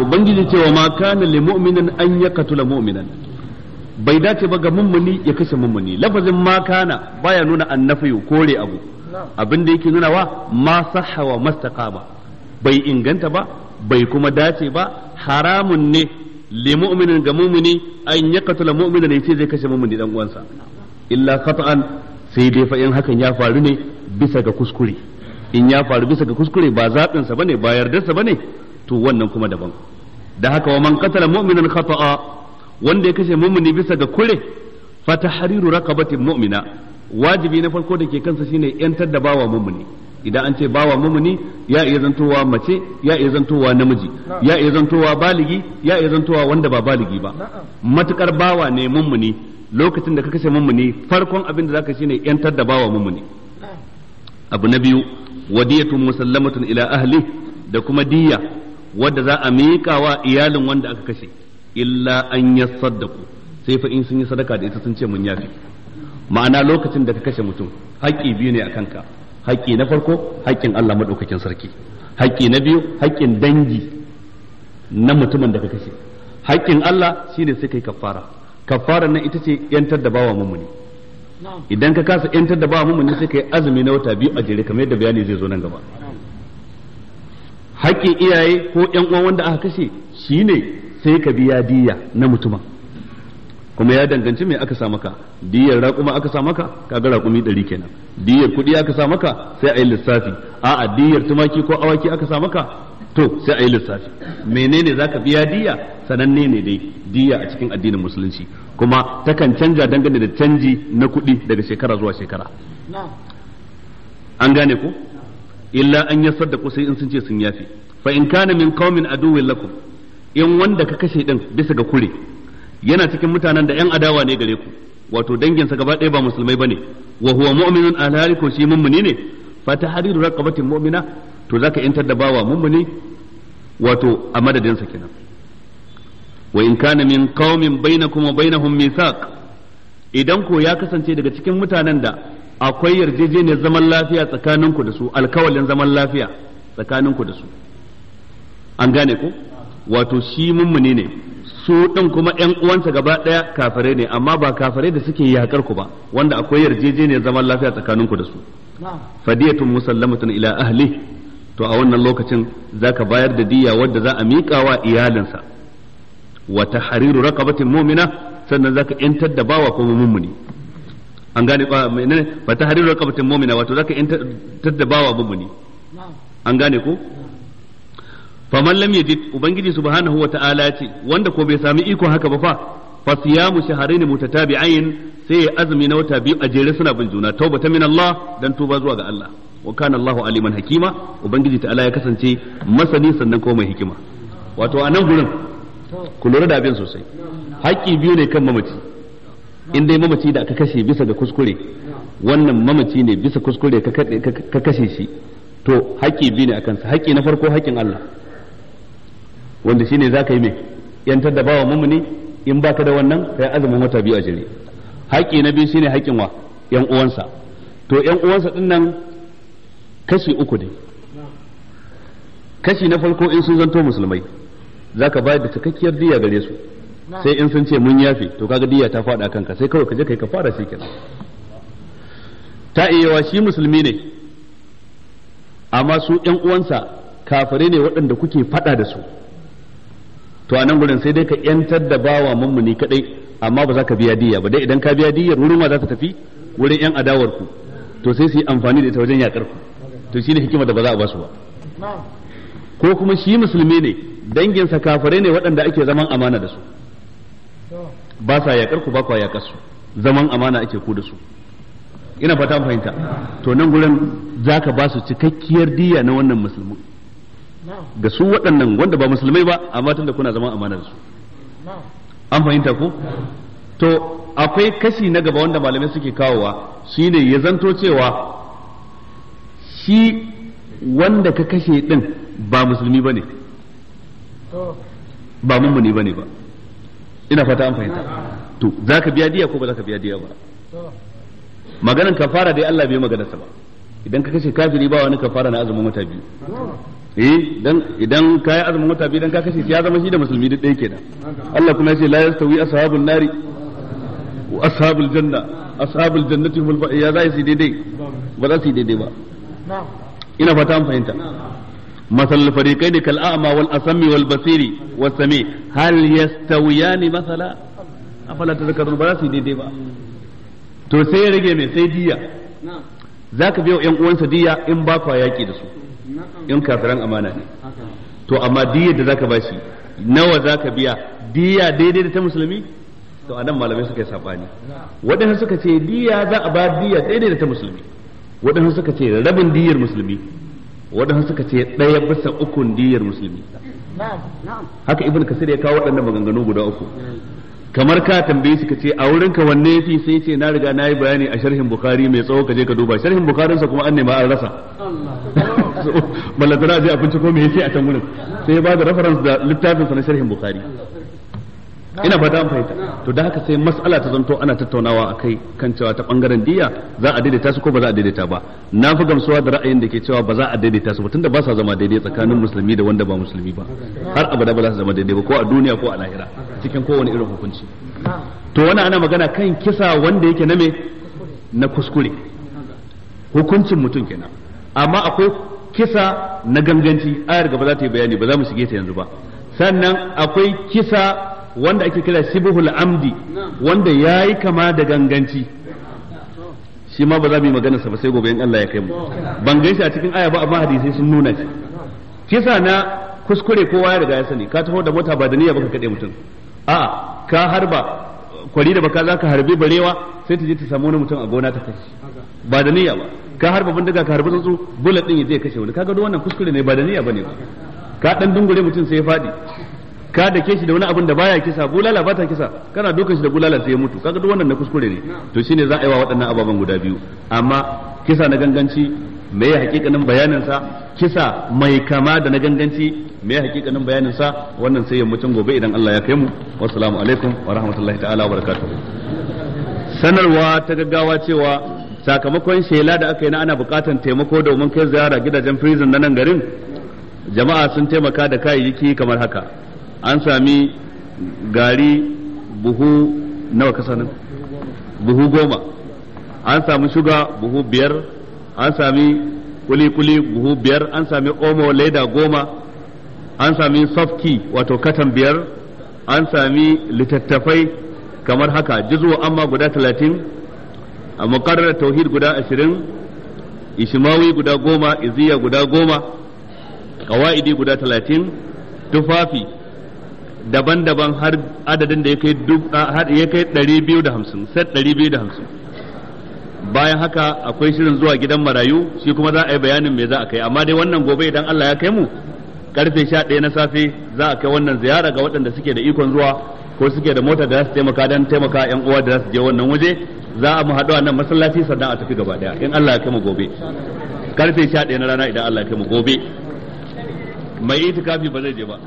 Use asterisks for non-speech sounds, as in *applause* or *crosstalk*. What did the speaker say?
ubangiji cewa wa kana lil mu'minin an yaqtula mu'minan bai dace ba ga mummuni ya kashe mummuni lafazin maka na baya nuna annafiyu kore abu abin da yake nuna wa ma sahha wa bai inganta ba bai kuma dace ba haramun ne li ga mu'mini an yaqtula mu'minan ce zai kashe mummuni dan uwansa illa qat'an sai dai fa in hakan ya faru ne bisa ga kuskure in ya faru bisa ga kuskure ba zaɓinsa bane ba yardarsa bane to wannan kuma daban da haka wa man qatala mu'minan khata'a wanda ya kashe mu'mini bisa ga kure fa tahriru raqabati mu'mina wajibi na farko da ke kansa shine yantar da bawa mu'mini idan an ce bawa mu'mini ya iya zantowa mace ya iya zantowa namiji ya iya zantowa baligi ya iya zantowa wanda ba baligi ba matukar bawa ne mu'mini lokacin da ka kashe mu'mini farkon abin da zaka shine yantar da bawa mu'mini abu na biyu wadiyatun musallamatun ila ahli da kuma diyya wadda za a mika wa iyalin wanda aka kashe illa an yasaddaku sai fa in sun yi sadaka da ita sun ce mun yafi ma'ana lokacin da ka kashe mutum haƙƙi biyu ne a kanka haƙƙi na farko haƙƙin Allah maɗaukakin sarki haƙƙi na biyu haƙƙin dangi na mutumin da ka kashe haƙƙin Allah shine sai kai kafara kafara nan ita ce yantar da bawa mumuni idan ka kasa yantar da bawa mumuni sai kai azumi na wata biyu a jere kamar yadda bayani zai zo nan gaba hakkin iyaye ko ƴan uwa wanda aka kashe shine sai ka biya diya na mutumin kuma ya danganci me aka sa maka diyar raƙuma aka sa maka kaga raƙumi ɗari kenan diyar kuɗi aka sa maka sai a yi lissafi a'a diyar tumaki ko awaki aka sa maka to sai a yi lissafi menene zaka biya diya sananne ne dai diya a cikin addinin musulunci kuma takan canja dangane da canji na kuɗi daga shekara zuwa shekara an gane ko illa an yassar da sai in sun ce sun yafi fa in kana min qaumin aduwwin lakum in wanda ka kashe din bisa ga kure yana cikin mutanen da yan adawa ne gare ku wato danginsa gaba ɗaya ba musulmai bane wa huwa mu'minun alhali ko shi mummuni ne fa tahriru raqabatin mu'mina to zaka intar da bawa mummuni wato a madadin sa kenan wa in kana min qaumin bainakum wa bainahum mithaq idan ko ya kasance daga cikin mutanen da akwai yarjejeniyar zaman lafiya tsakaninku da su alkawalin zaman lafiya tsakaninku da su an gane ko wato shi mummuni ne su din kuma ƴan uwansa gaba ɗaya kafare ne amma ba kafare da suke yakar ku ba wanda akwai yarjejeniyar zaman lafiya tsakaninku da su fadiyatun musallamatun ila ahli to a wannan lokacin zaka bayar da diya wadda za a miƙa wa iyalinsa wa tahriru raqabatin mu'mina sannan zaka yantar da bawa kuma mummuni an gane kwa menene fa tahriru raqabatin mu'mina wato zaka in taddabawa mumuni an gane ko faman lam yajid ubangiji subhanahu wa ta'ala ce wanda ko bai sami iko haka ba fa fa siyamu shahrayn mutatabi'ain sai ya azumi na wata biyu a jere suna bin juna taubata min Allah dan tuba zuwa ga Allah wa kana Allahu aliman hakima ubangiji ta'ala ya kasance masani sannan ko mai hikima wato anan nan gurin ku lura da abin sosai haƙƙi biyu ne kan mamaci in dai mamaci da aka kashe bisa ga kuskure wannan mamaci ne bisa kuskure ka kashe shi to haƙƙi biyu ne a kansa haƙƙi na farko haƙƙin Allah wanda shine ka yi mai yantar da bawa mumuni in baka da wannan ka yi azumin wata biyu a jere haƙƙi na biyu ne haƙƙin wa yan uwansa to yan uwansa ɗin nan kashi uku ne kashi na farko in sun zanto musulmai za ka bayar da cikakkiyar diya gare su sai in sun ce mun yafe to kaga diyya ta fada kanka sai kawai ka kai ka fara shi kenan ta iyawa shi musulmi ne amma su ƴan uwansa kafare ne waɗanda kuke fada da su to a nan gurin sai dai ka ƴantar da bawa mummuni kadai amma ba za ka biya diya ba dai idan ka biya diyar wurin ma za ta tafi wurin ƴan adawar ku to sai su yi amfani da ita wajen yakar ku to shine hikimar da ba za a basu ba ko kuma shi musulmi ne danginsa kafare ne waɗanda ake zaman amana da su ba sa yakar ku ba kwa yakar su zaman amana ake ku da su ina fata fahimta to nan gurin zaka ba su cikakkiyar diya na wannan musulmin ga su waɗannan wanda ba musulmai ba amma tunda kuna zaman amana da su an fahimta ku. to akwai kashi na gaba wanda malamai suke kawowa shine ya zanto cewa shi wanda ka kashe din ba musulmi ba ne ba mummuni ne ba ina fata an fahimta to zaka biya diya ko ba zaka biya diya ba maganan kafara dai Allah bai magana sa ba idan ka kashe kafiri ba wani kafara na azumin wata biyu eh dan idan yi azumin wata biyu dan ka kashe ya zama shi da musulmi duk ɗaya kenan Allah kuma ya ce la yastawi ashabul nari wa ashabul janna ashabul jannati hum ya za su daidai ba za su daidai ba ina fata an fahimta مثل الفريقين كالأعمى والأسم والبصير والسميع هل يستويان مثلا أفلا تذكرون بلا سيدي ديبا to sai ya rage mai sai diya za ka biya 'yan uwansa diya in ba kwa yaƙi da su in kafiran amana ne to amma diya da za ka ba shi nawa za ka biya diya daidai da ta musulmi to a nan malamai suka yi saɓani waɗansu suka ce diya za a ba diya daidai da ta musulmi waɗansu suka ce rabin diyar musulmi waɗansu suka ce ɗaya bisa ukun diyar musulmi haka ibn kasir ya kawo waɗannan maganganu guda uku kamar ka tambaye su ka ce a wurin ka wanne yafi sai ce na riga nayi bayani a sharhin bukhari mai tsawo ka je ka duba sharhin bukharin sa kuma an nema an rasa *laughs* balla tana je a binciko me yake a can wurin sai ya da reference da littafin sa na sharhin bukhari ina fata an fahimta to da haka sai mas'ala ta zanto ana tattaunawa a kai kan cewa ta bangaren diya za a daidaita su ko ba za a daidaita ba na fi gamsuwa da ra'ayin da ke cewa ba za a daidaita su ba tunda ba sa zama daidai tsakanin musulmi da wanda ba musulmi ba har abada ba za su zama daidai ba ko a duniya ko a lahira cikin kowane irin hukunci to wani ana magana kan kisa wanda yake na me na kuskure hukuncin mutum kenan amma akwai kisa na ganganci ayar gaba za ta yi bayani ba za mu shige ta yanzu ba sannan akwai kisa wanda ake kira shibuhul amdi wanda yayi kama da ganganci shi ma ba za mu yi magana sa ba sai gobe in Allah ya kai mu ban gaishe a cikin aya ba amma hadisi sun nuna shi kisa na kuskure kowa ya riga ya sani ka taho da mota ba da niyya baka kade mutum a'a ka harba kwari da baka zaka harbi barewa sai ta je ta samu wani mutum a gona ta kashe ba da niyya ba ka harba bindiga ka harbi tsuntsu bullet din ya je kashe wani kaga duk wannan kuskure ne ba da niyya bane ka dan dungure mutum sai ya fadi ka da ke shi da wani abin da baya kisa bulala ba ta kisa kana duka shi da bulala sai ya mutu kaga duk wannan na kuskure ne to shine za a yi wa waɗannan ababen guda biyu amma kisa na ganganci me ya hakikanin bayanin sa kisa mai kama da na ganganci me ya hakikanin bayanin sa wannan sai yammacin gobe idan Allah ya kai mu wassalamu alaikum wa rahmatullahi ta'ala wa barakatuh sanarwa ta gaggawa cewa sakamakon shela da aka yi na ana bukatan taimako domin kai ziyara gidajen prison na nan garin jama'a sun taimaka da kayayyaki kamar haka an sami gari buhu nawa kasa nan buhu goma an sami shuga buhu biyar an sami kuli-kuli buhu biyar an sami omo leda goma an sami safki wato katan biyar an sami littattafai kamar haka jizuwa amma guda talatin a makarar tauhid guda ashirin ishimawi guda goma iziya guda goma kawa'idi guda talatin tufafi daban-daban har adadin da ya kai ɗari biyu da hamsin set ɗari biyu da hamsin bayan haka akwai shirin zuwa gidan marayu shi kuma za a yi bayanin me za a kai amma dai wannan gobe idan Allah ya kai mu karfe 11 na safe za a kai wannan ziyara ga waɗanda suke da ikon zuwa ko suke da mota da za su taimaka don taimaka yan uwa da za su je wannan waje za a mu haɗu a nan masallaci sannan a tafi gaba ɗaya in Allah ya kai mu gobe karfe 11 na rana idan Allah ya kai mu gobe mai itikafi ba zai je ba